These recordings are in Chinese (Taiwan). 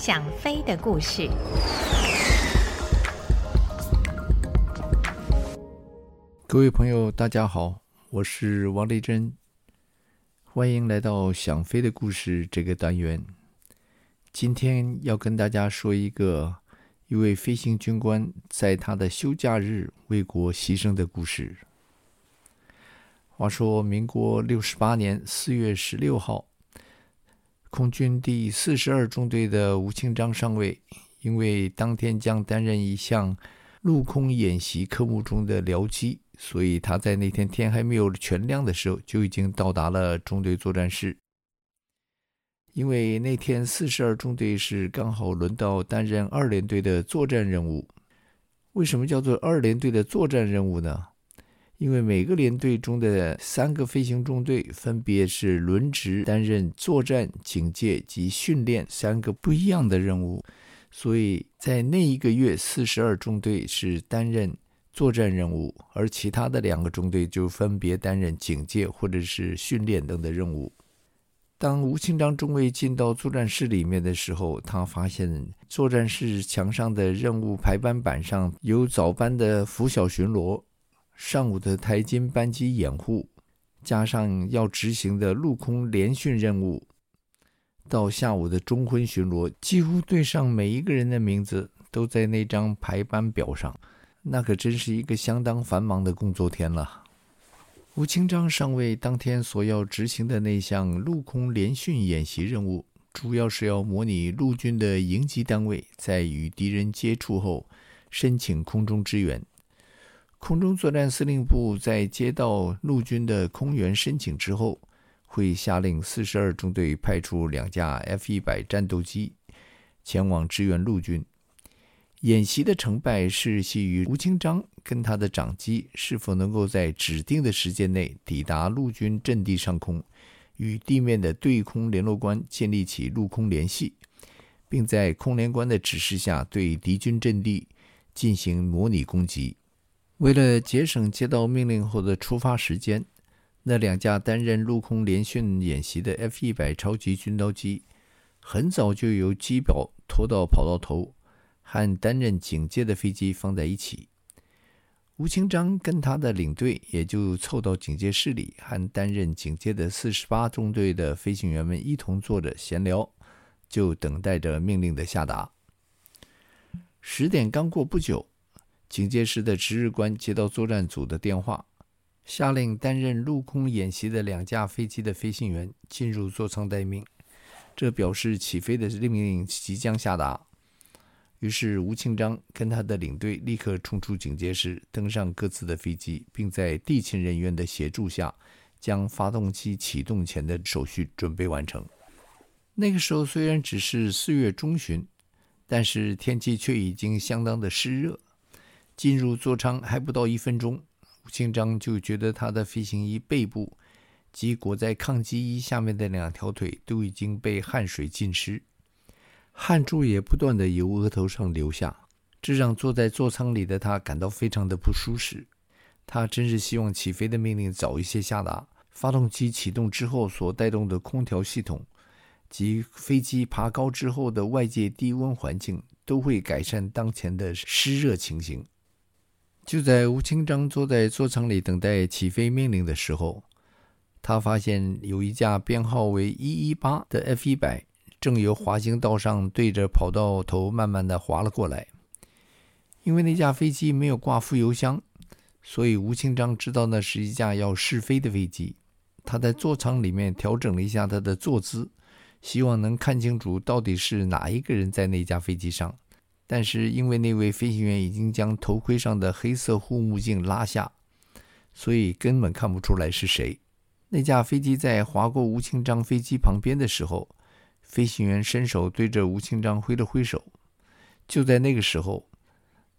想飛的故事。各位朋友，大家好，我是王立楨，歡迎來到想飛的故事這個單元。今天要跟大家說一個一位飛行軍官在他的休假日為國犧牲的故事。話說，民國六十八年四月十六號。空軍第四十二中隊的吳慶章上尉，因為當天將擔任一項陸空演習科目中的僚機，所以他在那天天還沒有全亮的時候，就已經到達了中隊作戰室。因為那天四十二中隊是剛好輪到擔任二聯隊的作戰任務，為什麼叫做二聯隊的作戰任務呢？因為每個聯隊中的三個飛行中隊分別是輪值擔任作戰、警戒及訓練三個不一樣的任務，所以在那一個月，四十二中隊是擔任作戰任務，而其他的兩個中隊就分別擔任警戒或者是訓練等的任務。當吳清章中尉進到作戰室裡面的時候，他發現作戰室牆上的任務排班板上有早班的拂曉巡邏。上午的台金班機掩護，加上要執行的陸空聯訓任務，到下午的中昏巡邏，幾乎隊上每一個人的名字都在那張排班表上。那可真是一個相當繁忙的工作天了。吳清章上尉當天所要執行的那項陸空聯訓演習任務，主要是要模擬陸軍的營級單位在與敵人接觸後申請空中支援。空中作戰司令部在接到陸軍的空援申請之後，會下令四十二中隊派出兩架 F-100 戰鬥機前往支援陸軍。演習的成敗是繫於吳清章跟他的長機是否能夠在指定的時間內抵達陸軍陣地上空，與地面的對空聯絡官建立起陸空聯繫，並在空聯官的指示下對敵軍陣地進行模擬攻擊。為了節省接到命令後的出發時間，那兩架擔任陸空聯訓演習的 F-100 超級軍刀機，很早就由機堡拖到跑道頭，和擔任警戒的飛機放在一起。吳清章跟他的領隊也就湊到警戒室裡，和擔任警戒的四十八中隊的飛行員們一同坐着閒聊，就等待着命令的下達。十點剛過不久。警戒室的值日官接到作戰組的電話，下令擔任陸空演習的兩架飛機的飛行員進入座艙待命。這表示起飛的命令即將下達。於是，吳慶章跟他的領隊立刻衝出警戒室，登上各自的飛機，並在地勤人員的協助下，將發動機啟動前的手續準備完成。那個時候雖然只是四月中旬，但是天氣却已經相當的濕熱。進入座艙還不到一分鐘，吳清章就覺得他的飛行衣背部及裹在抗擊衣下面的兩條腿都已經被汗水浸濕，汗珠也不斷的由額頭上流下，這讓坐在座艙裡的他感到非常的不舒適。他真是希望起飛的命令早一些下達。發動機啟動之後所帶動的空調系統及飛機爬高之後的外界低溫環境，都會改善當前的濕熱情形。就在吳清章坐在座艙裡等待起飛命令的時候，他發現有一架編號為一一八的 F 一百正由滑行道上對着跑道頭慢慢的滑了過來。因為那架飛機沒有掛副油箱，所以吳清章知道那是一架要試飛的飛機。他在座艙裡面調整了一下他的坐姿，希望能看清楚到底是哪一個人在那架飛機上。但是，因為那位飛行員已經將頭盔上的黑色護目鏡拉下，所以根本看不出來是誰。那架飛機在滑過吳慶章飛機旁邊的時候，飛行員伸手對着吳慶章揮了揮手。就在那個時候，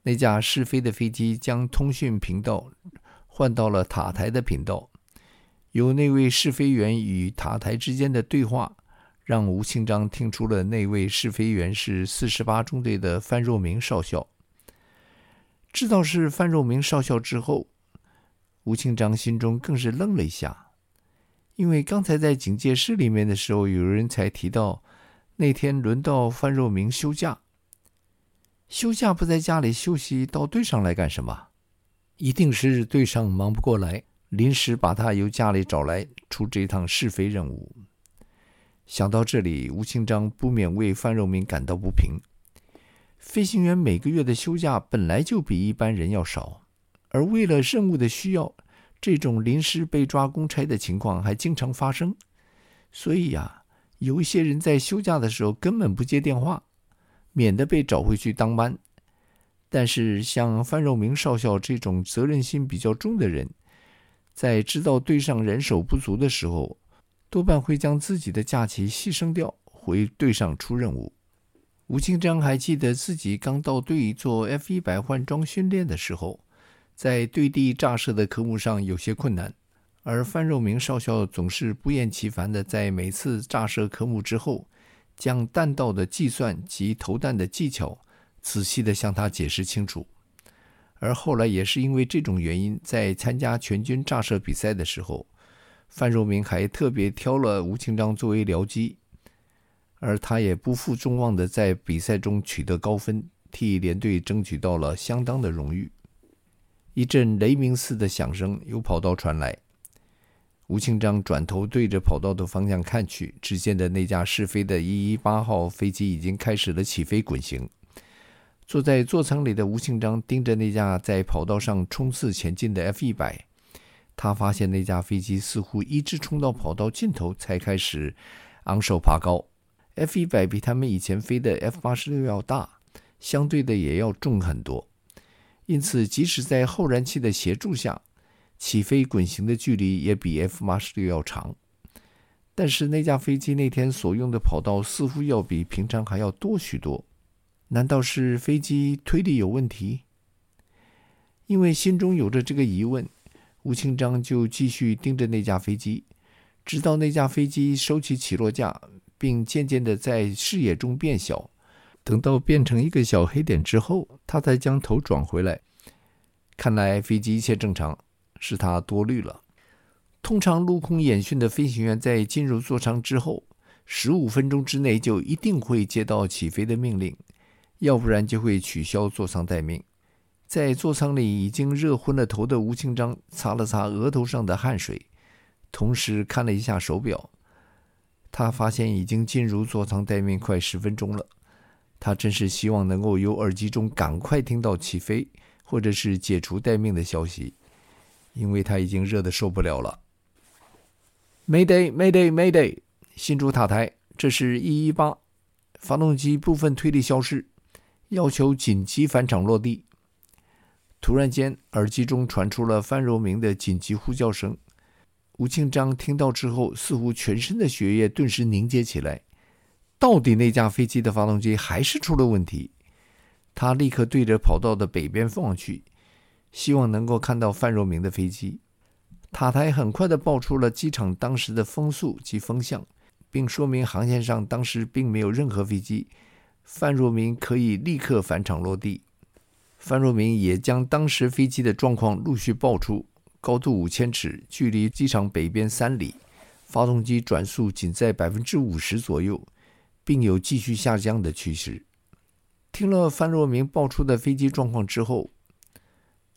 那架試飛的飛機將通訊頻道換到了塔台的頻道，由那位試飛員與塔台之間的對話。讓吳清章聽出了那位試飛員是四十八中隊的范若明少校。知道是范若明少校之後，吳清章心中更是愣了一下，因為剛才在警戒室裡面的時候，有人才提到那天輪到范若明休假，休假不在家裡休息，到隊上來幹什麼？一定是隊上忙不過來，臨時把他由家裡找來，出這一趟試飛任務。想到這裡，吳清章不免為范若明感到不平。飛行員每個月的休假本來就比一般人要少，而為了任務的需要，這種臨時被抓公差的情況還經常發生。所以呀、啊，有一些人在休假的時候根本不接電話，免得被找回去當班。但是像范若明少校這種責任心比較重的人，在知道隊上人手不足的時候，多半會將自己的假期犧牲掉，回隊上出任務。吳清章還記得自己剛到隊做 F 一百換裝訓練的時候，在對地炸射的科目上有些困難，而范若明少校總是不厭其煩地在每次炸射科目之後，將彈道的計算及投彈的技巧仔細地向他解釋清楚。而後來也是因為這種原因，在參加全軍炸射比賽的時候，范若明還特別挑了吳慶章作為僚機，而他也不負眾望的在比賽中取得高分，替聯隊爭取到了相當的榮譽。一陣雷鳴似的響聲由跑道傳來，吳慶章轉頭對着跑道的方向看去，只見的那架試飛的一一八號飛機已經開始了起飛滾行。坐在座艙裡的吳慶章盯着那架在跑道上衝刺前進的 F 一百。他發現那架飛機似乎一直衝到跑道盡頭，才開始昂首爬高。F 一百比他們以前飛的 F 八十六要大，相對的也要重很多，因此即使在後燃器的協助下，起飛滾行的距離也比 F 八十六要長。但是那架飛機那天所用的跑道似乎要比平常還要多許多，難道是飛機推力有問題？因為心中有着這個疑問。吳清章就繼續盯着那架飛機，直到那架飛機收起起落架，並漸漸地在視野中變小。等到變成一個小黑點之後，他才將頭轉回來。看來飛機一切正常，是他多慮了。通常陸空演訓的飛行員在進入座艙之後，十五分鐘之內就一定會接到起飛的命令，要不然就會取消座艙待命。在座艙裡已經熱昏了頭的吳慶章擦了擦額頭上的汗水，同時看了一下手表，他發現已經進入座艙待命快十分鐘了。他真是希望能夠由耳機中趕快聽到起飛或者是解除待命的消息，因為他已經熱得受不了了。Mayday Mayday Mayday，新竹塔台，這是一一八，發動機部分推力消失，要求緊急返場落地。突然間，耳機中傳出了范若明的緊急呼叫聲。吳慶章聽到之後，似乎全身的血液頓時凝結起來。到底那架飛機的發動機還是出了問題？他立刻對着跑道的北邊望去，希望能夠看到范若明的飛機。塔台很快地報出了機場當時的風速及風向，並說明航線上當時並沒有任何飛機，范若明可以立刻返場落地。范若明也將當時飛機的狀況陸續報出：高度五千尺，距離機場北邊三里，發動機轉速僅在百分之五十左右，並有繼續下降的趨勢。聽了范若明報出的飛機狀況之後，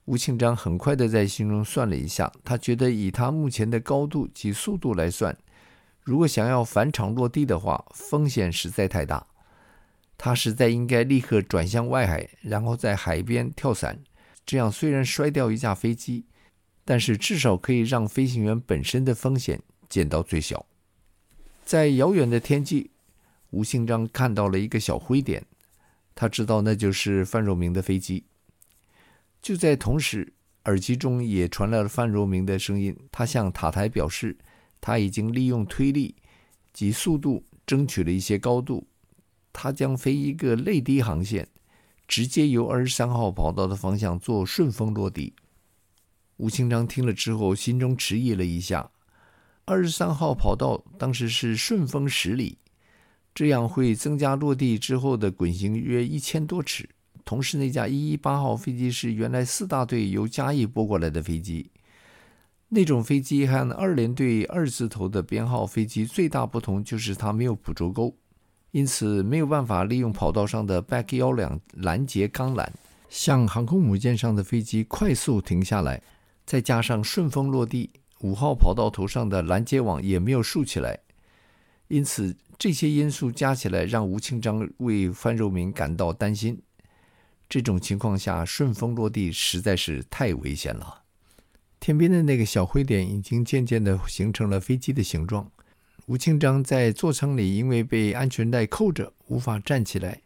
吳慶章很快地在心中算了一下，他覺得以他目前的高度及速度來算，如果想要返場落地的話，風險實在太大。他實在應該立刻轉向外海，然後在海邊跳傘。這樣雖然摔掉一架飛機，但是至少可以讓飛行員本身的風險減到最小。在遙遠的天際，吳興章看到了一個小灰點，他知道那就是范若明的飛機。就在同時，耳機中也傳來了范若明的聲音。他向塔台表示，他已經利用推力及速度爭取了一些高度。他將飛一個內地航線，直接由二十三號跑道的方向做順風落地。吳清章聽了之後，心中遲疑了一下。二十三號跑道當時是順風十里，這樣會增加落地之後的滾行約一千多尺。同時，那架一一八號飛機是原來四大隊由嘉義撥過來的飛機，那種飛機和二連隊二字頭的編號飛機，最大不同就是它沒有捕捉鈎。因此沒有辦法利用跑道上的 BAK-12 攔截鋼纜，像航空母艦上的飛機快速停下來。再加上順風落地，五號跑道頭上的攔截網也沒有豎起來。因此這些因素加起來，讓吳清章為范若明感到擔心。這種情況下，順風落地實在是太危險了。天邊的那個小灰點已經漸漸地形成了飛機的形狀。吳清章在座艙裡，因為被安全帶扣着，無法站起來，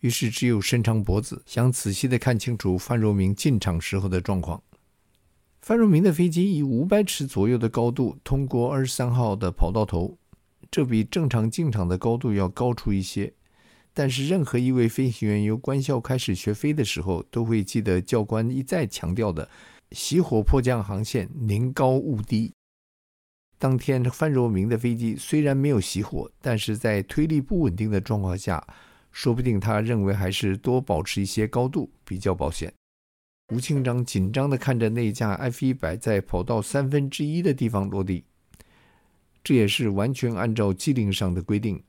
於是只有伸長脖子，想仔細地看清楚范若明進場時候的狀況。范若明的飛機以五百尺左右的高度通過二十三號的跑道頭，這比正常進場的高度要高出一些。但是任何一位飛行員由官校開始學飛的時候，都會記得教官一再強調的：熄火迫降航線，寧高勿低。當天范若明的飛機雖然沒有熄火，但是在推力不穩定的狀況下，說不定他認為還是多保持一些高度比較保險。吳慶章緊張地看着那架 F 一百在跑道三分之一的地方落地，這也是完全按照機令上的規定，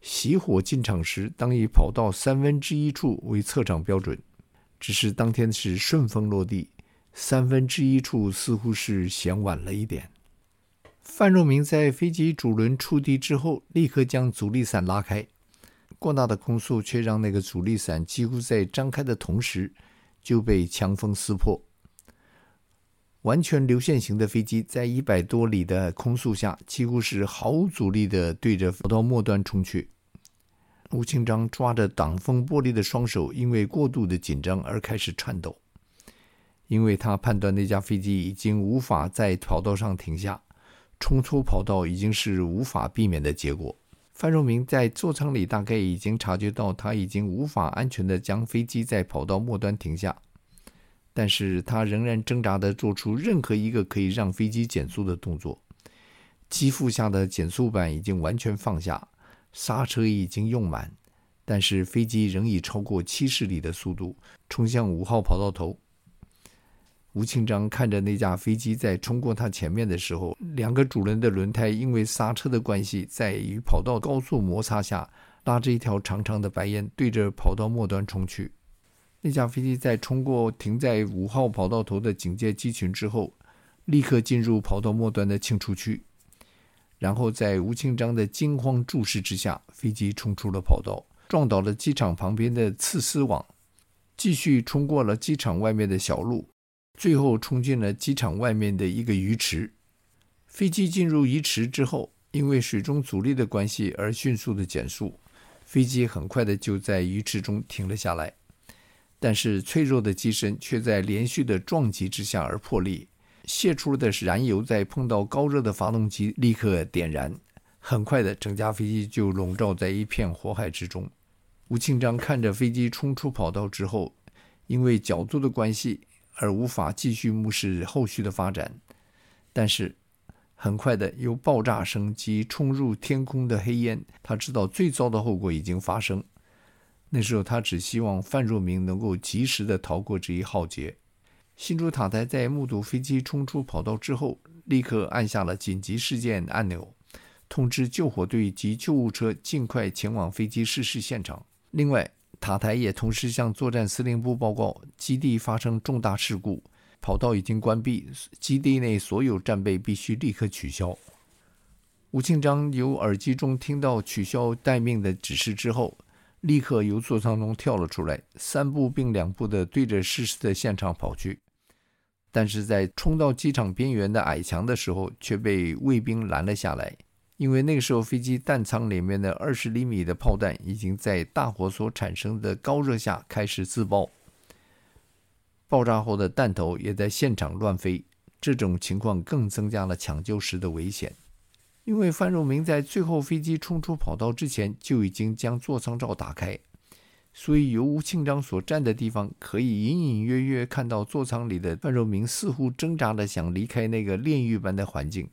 熄火進場時當以跑道三分之一處為測場標準。只是當天是順風落地，三分之一處似乎是嫌晚了一點。范若明在飛機主輪觸地之後，立刻將阻力傘拉開。過大的空速卻讓那個阻力傘幾乎在張開的同時就被強風撕破。完全流線型的飛機在一百多里的空速下，幾乎是毫無阻力地對着跑道末端衝去。吳清章抓着擋風玻璃的雙手，因為過度的緊張而開始顫抖，因為他判斷那架飛機已經無法在跑道上停下。衝出跑道已經是無法避免的結果。范若明在座艙裡大概已經察覺到，他已經無法安全地將飛機在跑道末端停下，但是他仍然掙扎地做出任何一個可以讓飛機減速的動作。機腹下的減速板已經完全放下，剎車已經用滿，但是飛機仍以超過七十里的速度衝向五號跑道頭。吳慶章看着那架飛機在衝過他前面的時候，兩個主輪的輪胎因為剎車的關係，在與跑道高速摩擦下，拉着一條長長的白煙，對着跑道末端衝去。那架飛機在衝過停在五號跑道頭的警戒機群之後，立刻進入跑道末端的清除區，然後在吳慶章的驚慌注視之下，飛機衝出了跑道，撞倒了機場旁邊的刺絲網，繼續衝過了機場外面的小路。最後衝進了機場外面的一個魚池。飛機進入魚池之後，因為水中阻力的關係而迅速的減速。飛機很快的就在魚池中停了下來，但是脆弱的機身卻在連續的撞擊之下而破裂。洩出的燃油在碰到高熱的發動機，立刻點燃。很快的，整架飛機就籠罩在一片火海之中。吳慶章看着飛機衝出跑道之後，因為角度的關係，而無法繼續目視後續的發展，但是很快的，由爆炸聲及衝入天空的黑煙，他知道最糟的後果已經發生。那時候，他只希望范若明能夠及時的逃過這一浩劫。新竹塔台在目睹飛機衝出跑道之後，立刻按下了緊急事件按鈕，通知救火隊及救護車儘快前往飛機失事現場。另外，塔台也同時向作戰司令部報告，基地發生重大事故，跑道已經關閉，基地內所有戰備必須立刻取消。吳慶章由耳機中聽到取消待命的指示之後，立刻由座艙中跳了出來，三步併兩步地對着失事的現場跑去，但是在衝到機場邊緣的矮牆的時候，卻被衛兵攔了下來。因為那個時候飛機彈艙裡面的二十釐米的炮彈已經在大火所產生的高熱下開始自爆，爆炸後的彈頭也在現場亂飛，這種情況更增加了搶救時的危險。因為范若明在最後飛機衝出跑道之前就已經將座艙罩打開，所以由吳慶章所站的地方可以隱隱約約看到座艙裡的范若明似乎掙扎着想離開那個煉獄般的環境。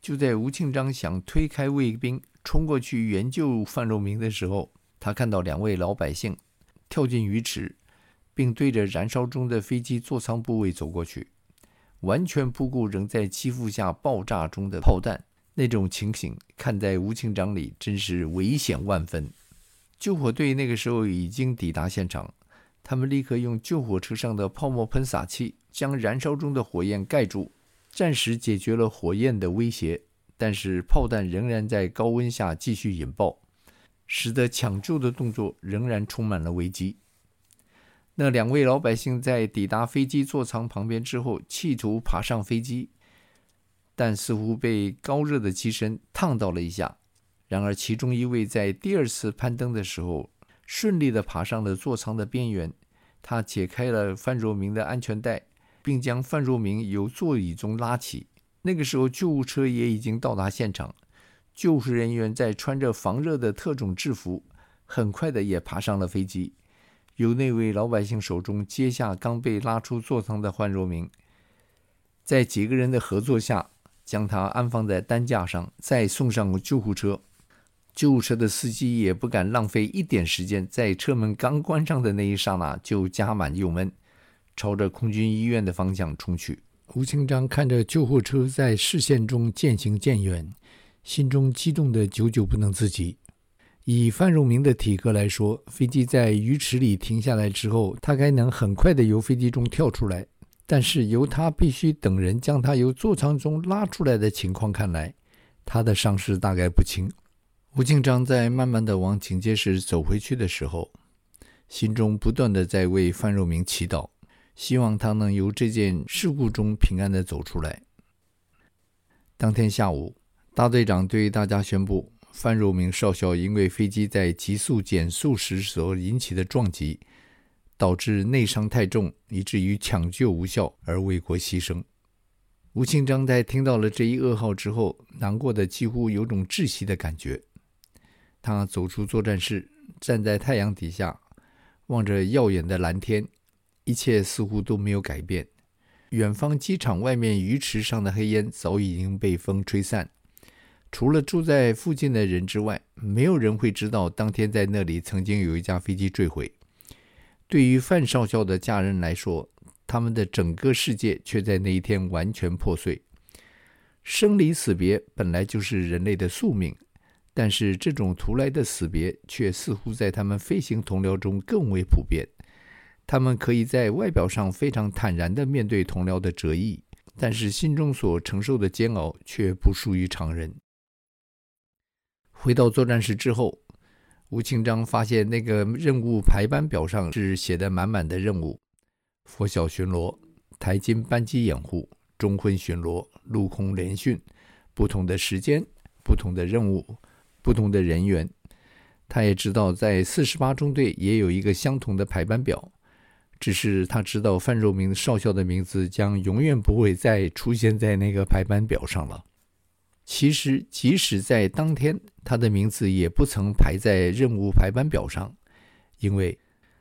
就在吳慶章想推開衛兵衝過去援救范若明的時候，他看到兩位老百姓跳進魚池，並對着燃燒中的飛機座艙部位走過去，完全不顧仍在機腹下爆炸中的炮彈。那種情形，看在吳慶章裡，真是危險萬分。救火隊那個時候已經抵達現場，他們立刻用救火車上的泡沫噴灑器將燃燒中的火焰蓋住。暫時解決了火焰的威脅，但是炮彈仍然在高溫下繼續引爆，使得搶救的動作仍然充滿了危機。那兩位老百姓在抵達飛機座艙旁邊之後，企圖爬上飛機，但似乎被高熱的機身燙到了一下。然而，其中一位在第二次攀登的時候，順利的爬上了座艙的邊緣，他解開了范若明的安全帶。並將范若明由座椅中拉起。那個時候，救護車也已經到達現場，救護人員在穿着防熱的特種制服，很快的也爬上了飛機，由那位老百姓手中接下剛被拉出座艙的范若明，在幾個人的合作下，將他安放在擔架上，再送上救護車。救護車的司機也不敢浪費一點時間，在車門剛關上的那一剎那就加滿油門。朝着空軍醫院的方向衝去。吳慶章看着救護車在視線中漸行漸遠，心中激動得久久不能自已。以范若明的體格來說，飛機在魚池裡停下來之後，他該能很快地由飛機中跳出來。但是由他必須等人將他由座艙中拉出來的情況看來，他的傷勢大概不輕。吳慶章在慢慢地往警戒室走回去的時候，心中不斷地在為范若明祈禱。希望他能由這件事故中平安地走出來。當天下午，大隊長對大家宣布：范若明少校因為飛機在急速減速時所引起的撞擊，導致內傷太重，以至於搶救無效而為國犧牲。吳慶章在聽到了這一噩耗之後，難過得幾乎有種窒息的感覺。他走出作戰室，站在太陽底下，望着耀眼的藍天。一切似乎都沒有改變。遠方機場外面魚池上的黑煙早已經被風吹散。除了住在附近的人之外，沒有人會知道當天在那裡曾經有一架飛機墜毀。對於范少校的家人來說，他們的整個世界卻在那一天完全破碎。生離死別本來就是人類的宿命，但是這種突來的死別卻似乎在他們飛行同僚中更為普遍。他們可以在外表上非常坦然地面對同僚的折翼，但是心中所承受的煎熬卻不輸於常人。回到作戰室之後，吳清章發現那個任務排班表上是寫的滿滿的任務：拂曉巡邏、台金班機掩護、中昏巡邏、陸空聯訓，不同的時間、不同的任務、不同的人員。他也知道，在四十八中隊也有一個相同的排班表。只是他知道范若明少校的名字將永遠不會再出現在那個排班表上了。其實，即使在當天，他的名字也不曾排在任務排班表上，因為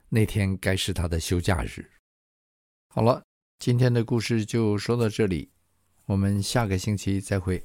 那天該是他的休假日。好了，今天的故事就說到這裡，我們下個星期再會。